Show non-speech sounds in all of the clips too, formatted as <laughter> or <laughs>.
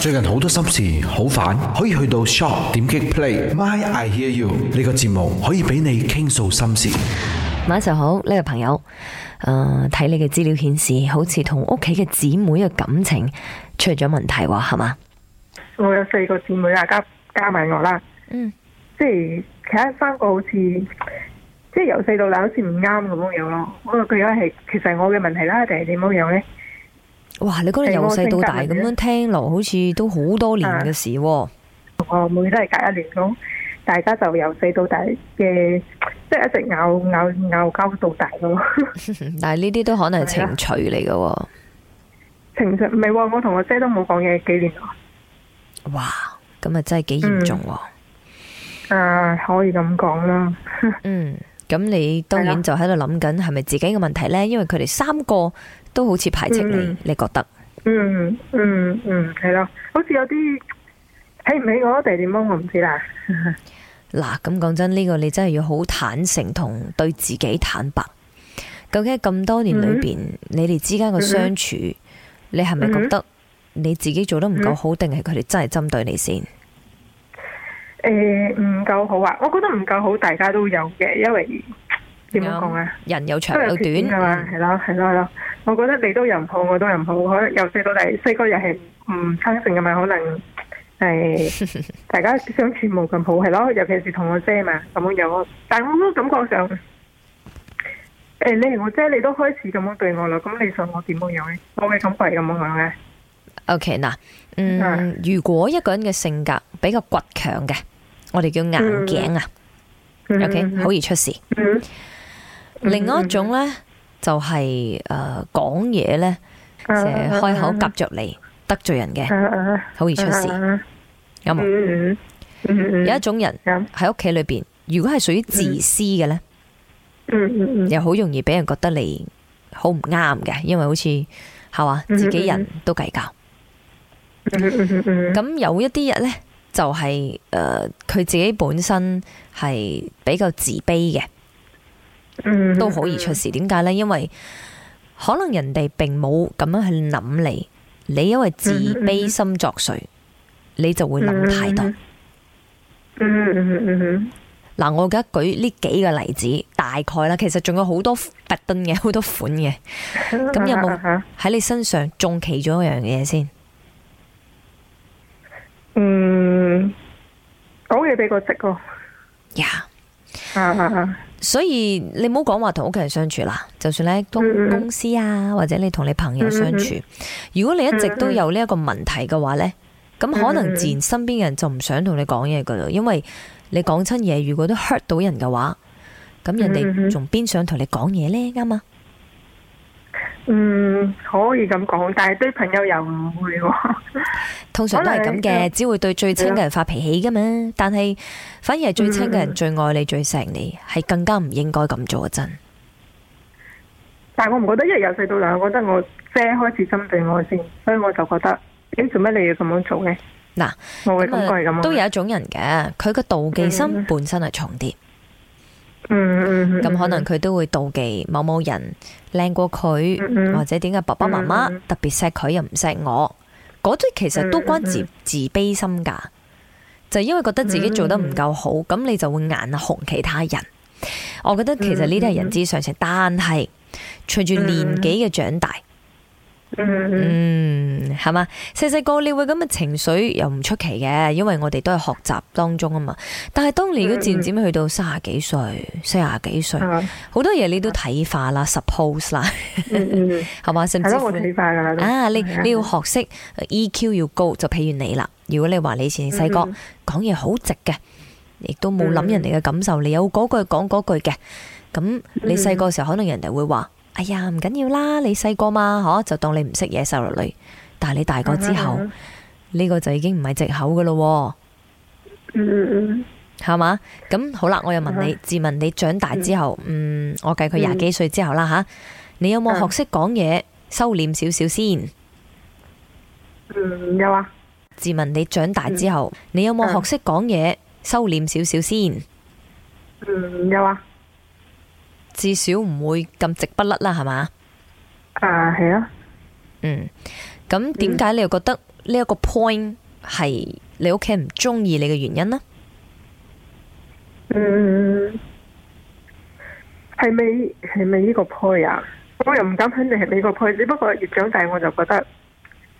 最近好多心事，好煩，可以去到 shop 點擊 play。MY I Hear U 呢個節目可以俾你傾訴心事。晚上好，呢、這個朋友，誒、呃，睇你嘅資料顯示，好似同屋企嘅姊妹嘅感情出咗問題，係嘛？我有四個姊妹啊，加加埋我啦。嗯，即係其他三個好似即係由細到大好似唔啱咁樣樣咯。不過佢而家係其實係我嘅問題啦，定係點樣樣呢？哇！你嗰個由細到大咁樣聽落，好似都好多年嘅事啊。我每日都係隔一年咁，大家就由細到大嘅，即係一直拗拗拗交到大咯。 <laughs> <laughs> 但係呢啲都可能係情緒嚟嘅。情緒唔係，我同我姐都冇講嘢幾年咯。哇！咁啊，真係幾嚴重。誒、啊，可以咁講啦。 <laughs> 嗯，咁你當然就喺度諗緊係咪自己嘅問題咧？因為佢哋三個。都好似排斥你，嗯、你覺得？嗯嗯嗯，係、嗯、咯、嗯，好似有啲睇唔起我，定點麼？我唔知啦。嗱、 <laughs> 啊，咁講真，呢、這個你真係要好坦誠同對自己坦白。究竟咁多年裏邊，嗯、你哋之間嘅相處，嗯嗯你係咪覺得你自己做得唔夠好，定係佢哋真係針對你先？誒、呃，唔夠好啊！我覺得唔夠好，大家都有嘅，因為。點樣講啊？人有長有短噶嘛，係咯，係咯，係咯。我覺得你都人好，我都人好。人可能由細到大，細個又係唔生性嘅，咪可能係大家相處冇咁好，係咯。 <laughs> 尤其是同我姐嘛咁樣樣。但係我都感覺上，誒、欸，你我姐你都開始咁樣對我啦。咁你想我點樣咧？我會咁弊咁樣嘅、啊。O K 嗱，嗯，嗯如果一個人嘅性格比較倔強嘅，我哋叫硬頸啊。嗯、o、okay, K，好易出事。嗯嗯另外一種呢，就係誒講嘢咧，誒、呃、成日開口夾着你，得罪人嘅，好易出事。有冇？嗯嗯嗯、有一種人喺屋企裏邊，如果係屬於自私嘅呢，嗯嗯嗯、又好容易俾人覺得你好唔啱嘅，因為好似係話自己人都計較。嗯咁、嗯嗯嗯嗯、有一啲人呢，就係誒佢自己本身係比較自卑嘅。都好易出事。點解呢？因為可能人哋並冇咁樣去諗你，你因為自卑心作祟， <noise> 你就會諗太多。嗱，我而家舉呢幾個例子，大概啦。其實仲有好多特登嘅，好多款嘅。咁有冇喺你身上其中奇咗一樣嘢先？嗯，講嘢俾我識個。Yeah. 所以你唔好講話同屋企人相處啦，就算你喺公司啊，或者你同你朋友相處，如果你一直都有呢一個問題嘅話呢，咁可能自然身邊嘅人就唔想同你講嘢噶啦，因為你講親嘢如果都 hurt 到人嘅話，咁人哋仲邊想同你講嘢呢？啱嘛。嗯，可以咁講，但係對朋友又唔會，啊。通常都係咁嘅，只會對最親嘅人發脾氣噶嘛。嗯，但係反而係最親嘅人，嗯，最愛你、最錫你，係更加唔應該咁做真。但係我唔覺得一日由細到大，我覺得我姐開始針對我先，所以我就覺得，你做乜你要咁喏樣做嘅？嗱，都有一種人嘅，佢嘅妒忌心本身係重啲。嗯，咁可能佢都會妒忌某某人。靚過佢，或者點解爸爸媽媽特別錫佢又唔錫我，嗰啲 <noise> 其實都關自自卑心噶，就因為覺得自己做得唔夠好，咁你就會眼紅其他人。我覺得其實呢啲係人之常情，但係隨住年紀嘅長大。嗯，係嘛，細細個你會咁嘅情緒又唔出奇嘅，因為我哋都係學習當中啊嘛。但係當你都漸漸去到三十幾歲、四十幾歲，好多嘢你都睇化啦、suppose 啦，係嘛，甚至啊，你你要學識 EQ 要高，就譬如你啦，如果你話你以前細個講嘢好直嘅，亦都冇諗人哋嘅感受，你有嗰句講嗰句嘅，咁你細個嘅時候可能人哋會話。哎呀，唔緊要啦，你細個嘛，嗬，就當你唔識嘢受落嚟。但係你大個之後，呢、mm hmm. 個就已經唔係借口噶咯。嗯、mm，係、hmm. 嘛？咁好啦，我又問你，mm hmm. 自問你長大之後，嗯，我計佢廿幾歲之後啦吓、mm hmm.，你有冇學識講嘢，收斂少少先？嗯、mm，有啊。自問你長大之後，mm hmm. 你有冇學識講嘢，收斂少少先？嗯、mm，有、hmm. 啊、mm。Hmm. 至少唔會咁直筆甩啦，係嘛？啊，係啊。嗯，咁點解你又覺得呢一個 point 係你屋企唔中意你嘅原因呢？嗯，係咪係咪呢個 point 啊？我又唔敢肯定係咪個 point，只不過越長大我就覺得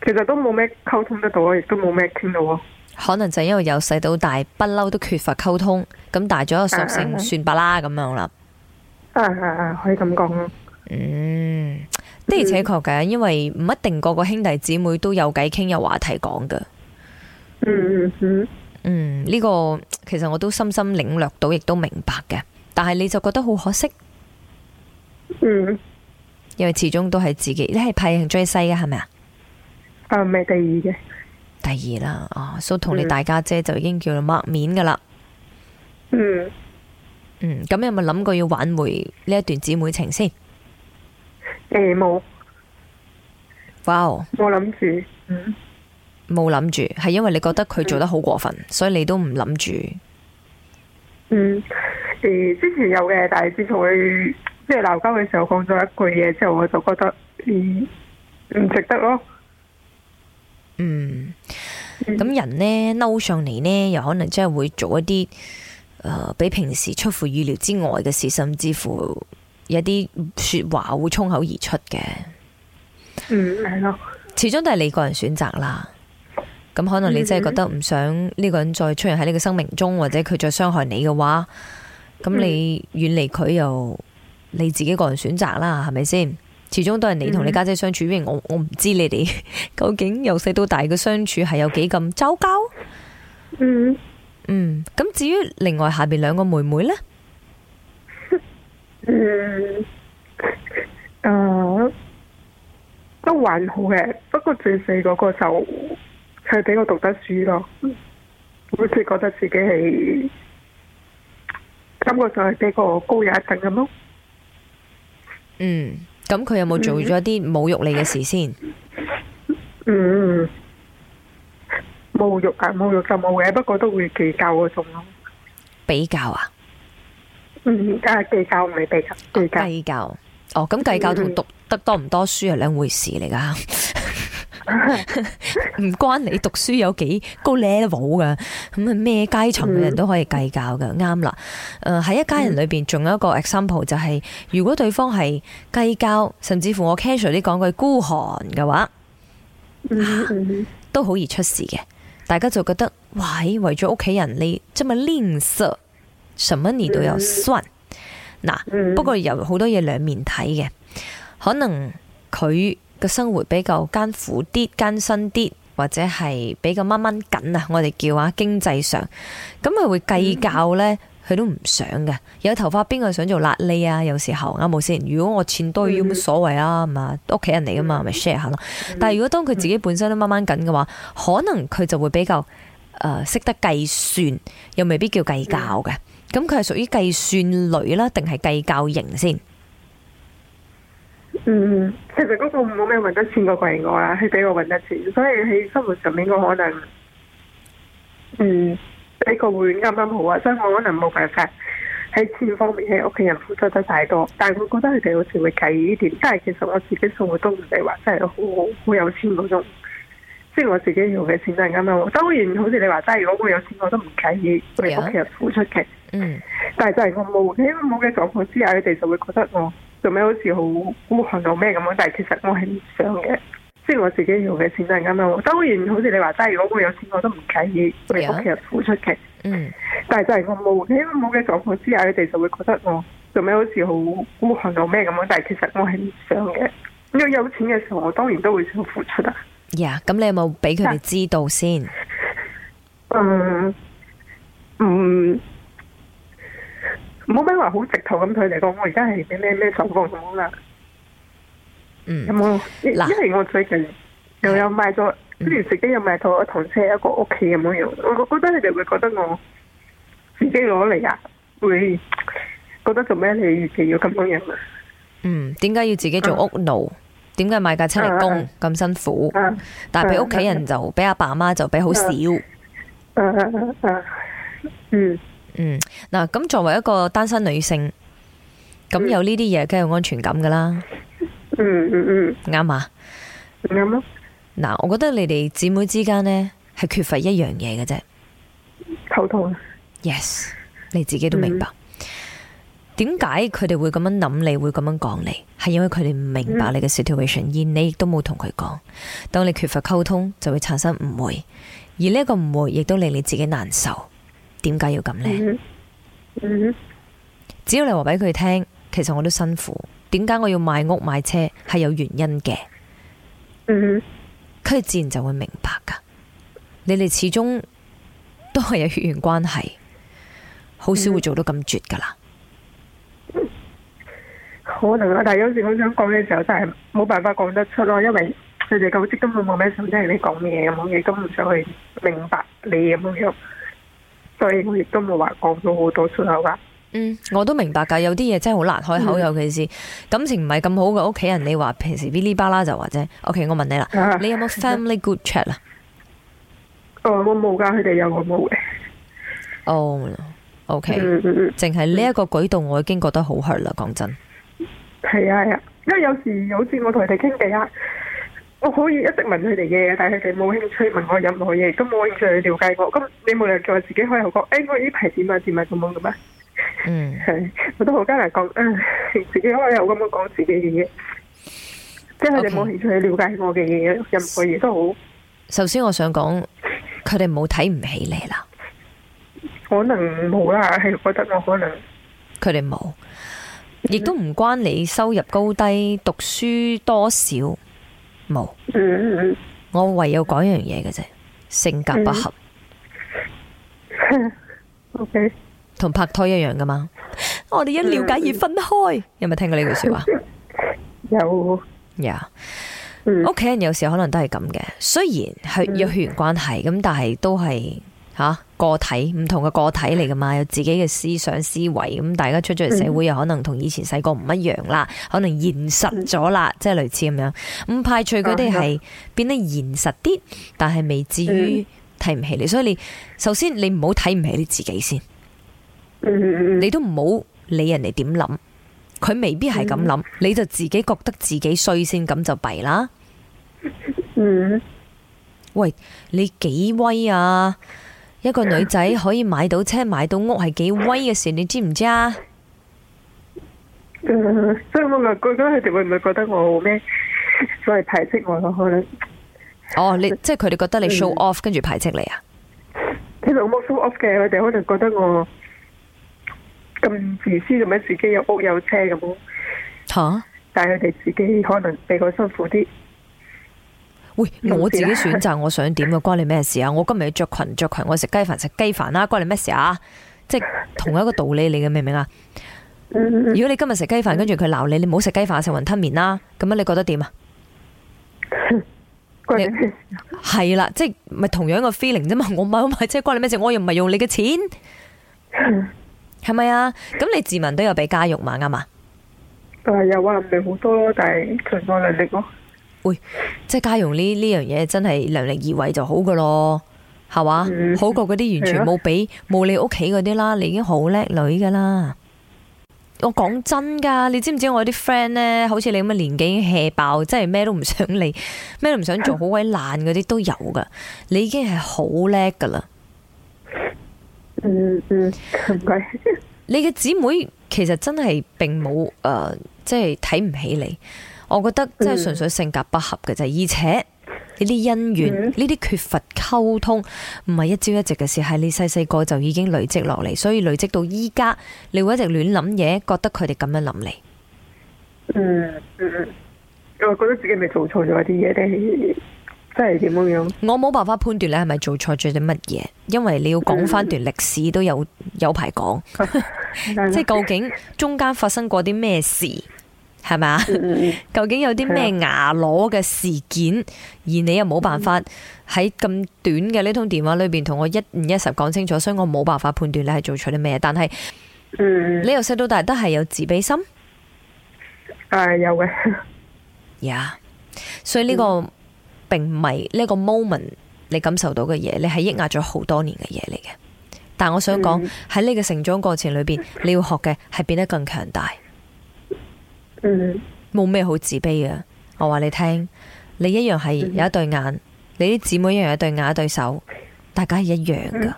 其實都冇咩溝通得到，亦都冇咩傾到。可能就因為由細到大不嬲都缺乏溝通，咁大咗個索性、啊、算吧啦咁樣啦。誒誒誒，uh, 可以咁講咯。嗯，的而且確嘅，因為唔一定個個兄弟姊妹都有偈傾，有話題講嘅。嗯嗯嗯。呢、這個其實我都深深領略到，亦都明白嘅。但係你就覺得好可惜。嗯。因為始終都係自己，你係排行最細嘅係咪啊？誒，唔係第二嘅。第二啦，哦、啊，所以同你大家姐就已經叫做抹面噶啦、嗯。嗯。嗯，咁有冇諗過要挽回呢一段姊妹情先？誒、欸，冇。哇！冇諗住，嗯，冇諗住，係因為你覺得佢做得好過分，嗯、所以你都唔諗住。嗯，誒、欸，之前有嘅，但係自從佢即係鬧交嘅時候講咗一句嘢之後，我就覺得，嗯、唔值得咯。嗯，咁人呢，嬲上嚟呢，又可能即係會做一啲。誒，比平時出乎預料之外嘅事，甚至乎一啲說話會沖口而出嘅。嗯，係咯，始終都係你個人選擇啦。咁、mm hmm. 可能你真係覺得唔想呢個人再出現喺呢個生命中，或者佢再傷害你嘅話，咁你遠離佢又你自己個人選擇啦，係咪先？始終都係你同你家姐相處，mm hmm. 因為我我唔知你哋究竟由細到大嘅相處係有幾咁糟糕。嗯、mm。Hmm. 嗯，咁至於另外下邊兩個妹妹咧，嗯，誒，都還好嘅，不過最細嗰個就係比我讀得書咯，好似覺得自己係感覺就係比個高人一等咁咯。嗯，咁佢有冇做咗啲侮辱你嘅事先？嗯。冇肉啊，冇肉就冇嘅，不過都會計較嗰種咯。比較啊，嗯，梗係計較咪比較，計較哦。咁計較同讀得多唔多書係兩回事嚟噶，唔 <laughs> <laughs> <laughs> 關你讀書有幾高 level 噶。咁啊，咩階層嘅人都可以計較噶，啱啦、嗯。誒，喺、呃、一家人裏邊，仲有一個 example 就係、是，嗯、如果對方係計較，甚至乎我 casual 啲講句孤寒嘅話，啊、都好易出事嘅。大家就覺得，喂，為咗屋企人呢，這麼吝嗇，什麼你都有算。嗱，不過有好多嘢兩面睇嘅，可能佢嘅生活比較艱苦啲、艱辛啲，或者係比較掹掹緊啊，我哋叫啊經濟上，咁佢會計較呢。 <laughs> 佢都唔想嘅，有頭髮邊個想做邋痢啊？有時候啱冇先。如果我錢多，要乜所謂啊？嘛，屋企人嚟噶嘛，咪 share 下咯。但係如果當佢自己本身都掹掹緊嘅話，可能佢就會比較誒識、呃、得計算，又未必叫計較嘅。咁佢係屬於計算女啦，定係計較型先？嗯，其實嗰個冇咩揾得錢過佢我啊，佢比我揾得錢，所以喺生活上面我可能嗯。呢個會員啱啱好啊，所以我可能冇辦法喺錢方面喺屋企人付出得太多，但係我覺得佢哋好似會介意呢點。但係其實我自己生活都唔係話真係好好好有錢嗰種，即係我自己用嘅錢就啱啱好。當然好似你話齋，但如果我有錢，我都唔介意哋屋企人付出嘅。嗯。但係就係我冇，因為冇嘅狀況之下，佢哋就會覺得我做咩好似好孤寒到咩咁樣。但係其實我係唔想嘅。即係我自己要嘅錢都係啱啱好。當然，好似你話齋，但如果我有錢，我都唔介意為屋企人付出嘅。嗯。但係就係我冇嘅，冇嘅狀況之下，我知啊，佢哋就會覺得我做咩好似好孤寒又咩咁咯。但係其實我係唔想嘅。因為有錢嘅時候，我當然都會想付出啊。呀，咁你有冇俾佢哋知道先？嗯，唔、嗯，冇咩話好直頭咁佢哋講，我而家係咩咩咩狀況咁啦。嗯，有冇？一係我最近又有賣咗，雖然自己又賣咗一台車，一個屋企咁冇用？我我覺得你哋會覺得我自己攞嚟啊，會覺得做咩你預期要咁多人，嗯，點解要自己做屋奴？點解賣架出嚟供咁辛苦？但係俾屋企人就俾阿爸媽就俾好少。嗯嗯嗯，嗱，咁作為一個單身女性，咁有呢啲嘢梗係安全感噶啦。嗯嗯嗯，啱、嗯、 <noise> 啊，啱咯。嗱，我覺得你哋姊妹之間呢，係缺乏一樣嘢嘅啫，溝通。Yes，你自己都明白。點解佢哋會咁樣諗？會樣你會咁樣講？你係因為佢哋唔明白你嘅 situation，、嗯、而你亦都冇同佢講。當你缺乏溝通，就會產生誤會，而呢一個誤會亦都令你自己難受。點解要咁呢？嗯嗯嗯、只要你話俾佢聽，其實我都辛苦。點解我要買屋買車係有原因嘅。嗯、mm，佢、hmm. 自然就會明白噶。你哋始終都係有血緣關係，好少會做到咁絕噶啦、mm hmm.。可能啊，但係有時我想講嘅時候，真係冇辦法講得出咯。因為佢哋好似根本冇咩想聽，你講嘢冇嘢都唔想去，明白你嘅目標。所以我亦都冇話講到好多出口啊。嗯，mm, 我都明白噶，有啲嘢真係好難開口，mm. 尤其是感情唔係咁好嘅屋企人。你話平時嗶哩吧啦就話啫。OK，我問你啦，uh, 你有冇 family good chat 啊、uh, 哦？我冇噶，佢哋有，我冇嘅。哦、oh，OK，淨係呢一個舉動我已經覺得好去啦。講真，係啊係啊，因為有時好似我同佢哋傾偈啊，我可以一直問佢哋嘅嘢，但係佢哋冇興趣問我任何嘢，都冇興趣去了解我。咁你冇理由再自己開口講，誒、欸，我呢排點啊點啊咁樣噶咩？嗯，係、mm. 我都好艱難講，嗯，自己可以有咁樣講自己嘅嘢，即係佢哋冇興趣去了解我嘅嘢，任何嘢都好。首先我想講，佢哋冇睇唔起你啦。可能冇啦，係覺得我可能佢哋冇，亦都唔關你收入高低、讀書多少，冇。Mm. 我唯有講一樣嘢嘅啫，性格不合。O K。同拍拖一樣噶嘛？我哋因了解而分開，mm. 有冇聽過呢句說話？ <laughs> 有，屋企 Yeah.、mm. 人有時可能都係咁嘅。雖然係有血緣關係，咁但係都係吓個體，唔同嘅個體嚟噶嘛，有自己嘅思想思維。咁大家出咗嚟社會，又可能同以前細個唔一樣啦，可能現實咗啦，mm. 即係類似咁樣。唔排除佢哋係變得現實啲，但係未至於睇唔起你。所以你首先你唔好睇唔起你自己先。你都唔好理人哋點諗，佢未必係咁諗， <noise> 你就自己覺得自己衰先咁就弊啦。嗯， <noise> 喂，你幾威啊？一個女仔可以買到車買到屋係幾威嘅事，你知唔知啊、 <noise> oh,？即係我話，佢咁佢哋會唔會覺得我咩？所以排斥我咯？可能哦，你即係佢哋覺得你 show off，跟住排斥你啊 <noise> 其實我冇 show off 嘅，佢哋可能覺得我。咁自私咁樣，自己有屋有車咁。吓！但係佢哋自己可能比較辛苦啲。喂，我自己選擇我想點啊，關你咩事啊？我今日要着裙着裙，我食雞飯食雞飯啦，關你咩事啊？即係同一個道理你嘅，明唔明啊？如果你今日食雞飯，跟住佢鬧你，你唔好食雞飯，食雲吞麵啦，啊。咁樣你覺得點啊？係啦，啊，即係咪同樣嘅 feeling 啫嘛？我買唔買車關你咩事？我又唔係用你嘅錢。嗯係咪啊？咁你自問都有俾家用嘛？啱嘛？誒，有啊，俾好多咯，但係強壯能力咯、啊。喂，即係家用呢呢樣嘢真係量力而為就好噶咯，係嘛？嗯、好過嗰啲完全冇俾冇你屋企嗰啲啦。你已經好叻女噶啦。我講真噶，你知唔知我啲 friend 咧？好似你咁嘅年紀已經 hea 爆，真係咩都唔想理，咩都唔想做，好鬼懶嗰啲都有噶。的你已經係好叻噶啦。嗯嗯，唔、嗯、該。你嘅姊 <laughs> 妹其實真係並冇誒，即係睇唔起你。我覺得即係純粹性格不合嘅就，而且呢啲姻緣呢啲缺乏溝通，唔係一朝一夕嘅事，係你細細個就已經累積落嚟，所以累積到依家，你會一直亂諗嘢，覺得佢哋咁樣諗你。嗯嗯，我覺得自己咪做錯咗一啲嘢定係？即係點樣樣？我冇辦法判斷你係咪做錯咗啲乜嘢，因為你要講翻段歷史都有有排講，即係究竟中間發生過啲咩事，係嘛？嗯、 <laughs> 究竟有啲咩牙裸嘅事件，而你又冇辦法喺咁短嘅呢通電話裏邊同我一五一十講清楚，所以我冇辦法判斷你係做錯啲咩。但係、嗯、你由細到大都係有自卑心，誒、嗯啊，有嘅，呀 <laughs> ，Yeah. 所以呢個、嗯。並唔係呢個 moment 你感受到嘅嘢，你係抑壓咗好多年嘅嘢嚟嘅。但我想講喺呢個成長過程裏邊，你要學嘅係變得更強大。嗯、mm。冇、hmm. 咩好自卑嘅，我話你聽，你一樣係有一對眼，mm hmm. 你啲姊妹一樣有一對眼一對手，大家係一樣噶。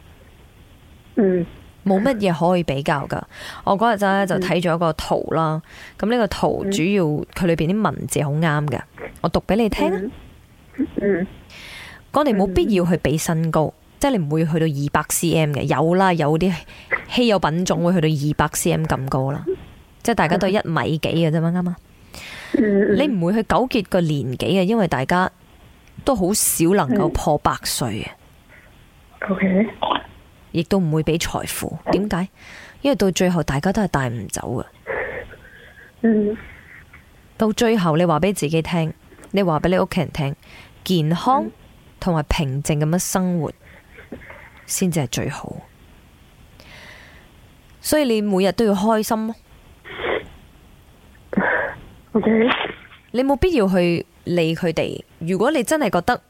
嗯、mm。冇乜嘢可以比較噶。我嗰日仔就睇咗一個圖啦。咁呢、mm hmm. 個圖主要佢、mm hmm. 裏邊啲文字好啱嘅，我讀俾你聽、mm。Mm 嗯，講嚟冇必要去比身高，即係你唔會去到二百 cm 嘅，有啦，有啲稀有品種會去到二百 cm 咁高啦，即係大家都係一米幾嘅啫嘛，啱嘛？嗯、你唔會去糾結個年紀嘅，因為大家都好少能夠破百歲嘅。O K、嗯。亦、okay. 都唔會俾財富，點解？因為到最後大家都係帶唔走嘅。嗯。到最後你話俾自己聽，你話俾你屋企人聽。健康同埋平靜咁樣生活，先至係最好。所以你每日都要開心 O K，你冇必要去理佢哋。如果你真係覺得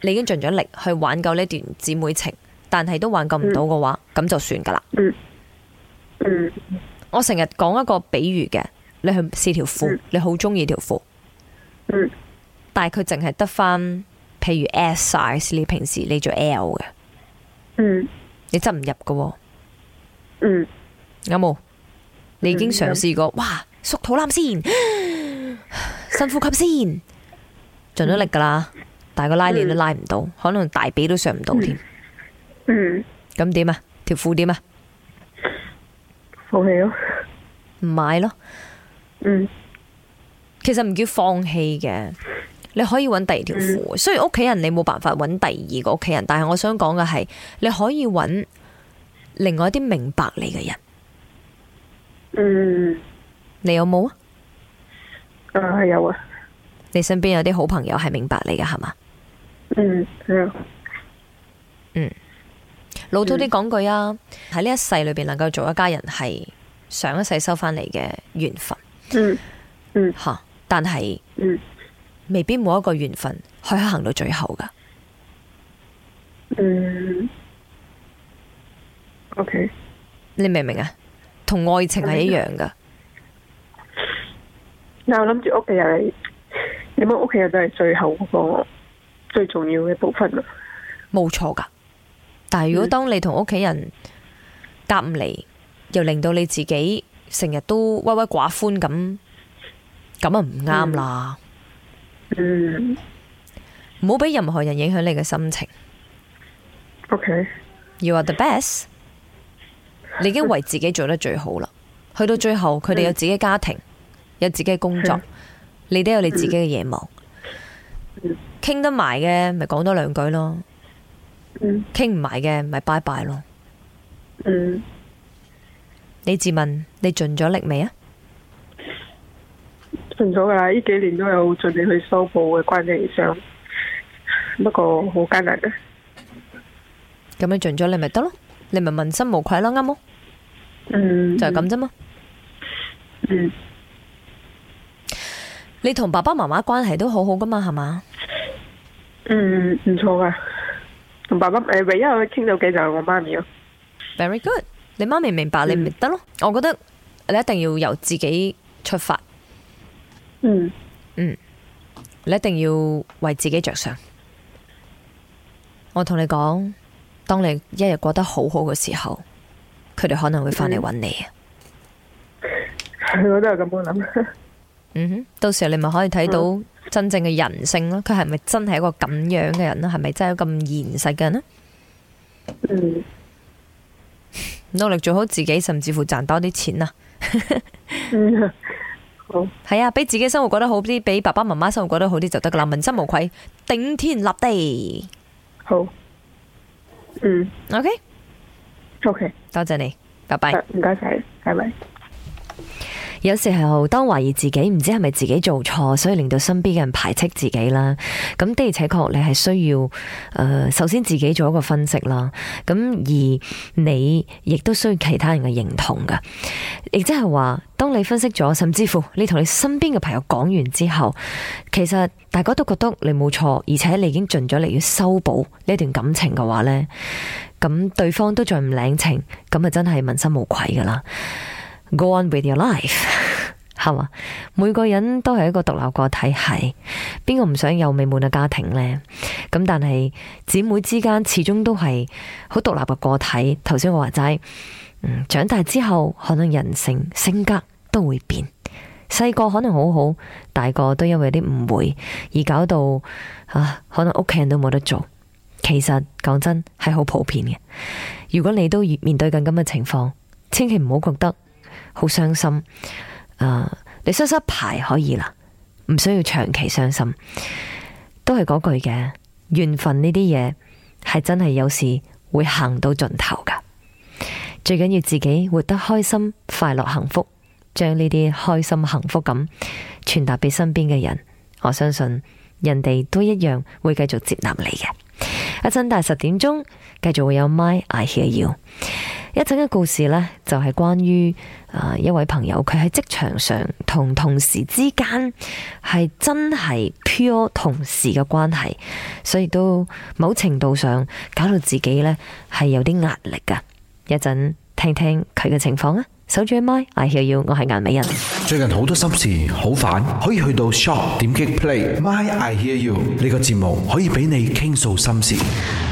你已經盡咗力去挽救呢段姐妹情，但係都挽救唔到嘅話，咁就算噶啦。我成日講一個比喻嘅，你去試條褲，你好中意條褲，但係佢淨係得返，譬如 S size，你平時你着 L 嘅，嗯，你執唔入嘅、哦，嗯，有冇？你已經嘗試過，嗯、哇，縮肚腩先， <laughs> 深呼吸先，盡咗力噶啦，嗯、但係個拉鏈都拉唔到，嗯、可能大髀都上唔到添、嗯，嗯，咁點啊？條褲點啊？放棄喊咯，唔買咯，嗯，其實唔叫放棄嘅。你可以揾第二條褲，嗯、雖然屋企人你冇辦法揾第二個屋企人，但係我想講嘅係你可以揾另外一啲明白你嘅人。嗯，你有冇啊？誒，有啊。你身邊有啲好朋友係明白你噶，係嘛？嗯，係啊。嗯，老土啲講句啊，喺呢、嗯、一世裏邊能夠做一家人係上一世收返嚟嘅緣分。嗯嗯，吓，但係嗯。是未必冇一個緣分可以行到最後噶嗯，OK，你明唔明啊？同愛情係一樣噶。嗱，我諗住屋企人，有冇屋企人都係最後個最重要嘅部分咯。冇錯噶，但係如果當你同屋企人夾唔嚟，又令到你自己成日都鬱鬱寡歡咁，咁啊唔啱啦。嗯嗯，唔好俾任何人影響你嘅心情。OK。You are the best。你已經為自己做得最好啦。去 <laughs> 到最後，佢哋有自己嘅家庭，有自己嘅工作， <laughs> 你都有你自己嘅嘢忙。嗯。 <laughs> 傾得埋嘅，咪講多兩句咯。嗯。傾唔埋嘅，咪拜拜咯。 <laughs> <laughs> 你自問，你盡咗力未啊？盡咗噶啦，呢幾年都有盡力去修補嘅關係上，不過好艱難嘅。咁你盡咗，你咪得咯，你咪問心無愧咯，啱冇？嗯，就係咁啫嘛。嗯。你同爸爸媽媽關係都好好噶嘛，係嘛？嗯，唔錯噶。同爸爸誒，唯一可以傾到偈就係我媽咪咯。Very good，你媽咪明白你咪得咯。嗯，我覺得你一定要由自己出發。嗯，嗯，你一定要為自己着想。我同你講，當你一日過得好好嘅時候，佢哋可能會返嚟揾你啊。我都係咁樣諗。嗯哼，到時候你咪可以睇到真正嘅人性咯。佢係咪真係一個咁樣嘅人，人呢？係咪真係咁現實嘅人呢？ <laughs> 努力做好自己，甚至乎賺多啲錢啊！ <laughs> 嗯係啊，俾自己生活過得好啲，俾爸爸媽媽生活過得好啲就得噶啦，問心無愧，頂天立地。好，嗯，OK，OK，Okay? Okay. 多謝你，拜拜，唔該晒，拜拜。有時候，當懷疑自己，唔知係咪自己做錯，所以令到身邊嘅人排斥自己啦。咁的而且確，你係需要誒、呃，首先自己做一個分析啦。咁而你亦都需要其他人嘅認同噶。亦即係話，當你分析咗，甚至乎你同你身邊嘅朋友講完之後，其實大家都覺得你冇錯，而且你已經盡咗力要修補呢段感情嘅話呢，咁對方都再唔領情，咁啊真係問心無愧噶啦。Go on with your life，係嘛？每個人都係一個獨立個體係，邊個唔想有美滿嘅家庭呢？咁但係姊妹之間始終都係好獨立嘅個體。頭先我話齋，嗯，長大之後可能人性性格都會變，細個可能好好，大個都因為啲誤會而搞到可能屋企人都冇得做。其實講真係好普遍嘅。如果你都面對緊咁嘅情況，千祈唔好覺得。好傷心，誒、呃，你失失牌可以啦，唔需要長期傷心。都係嗰句嘅，緣分呢啲嘢係真係有時會行到盡頭噶。最緊要自己活得開心、快樂、幸福，將呢啲開心、幸福咁傳達俾身邊嘅人。我相信人哋都一樣會繼續接納你嘅。一陣大十點鐘，繼續會有 MY I Hear U。一陣嘅故事呢，就係關於啊一位朋友，佢喺職場上同同事之間係真係 pure 同事嘅關係，所以都某程度上搞到自己呢係有啲壓力噶。一陣聽聽佢嘅情況啊，守住 MY，I hear you，我係顏美人。最近好多心事好煩，可以去到 shop 點擊 play，MY I hear you 呢個節目可以俾你傾訴心事。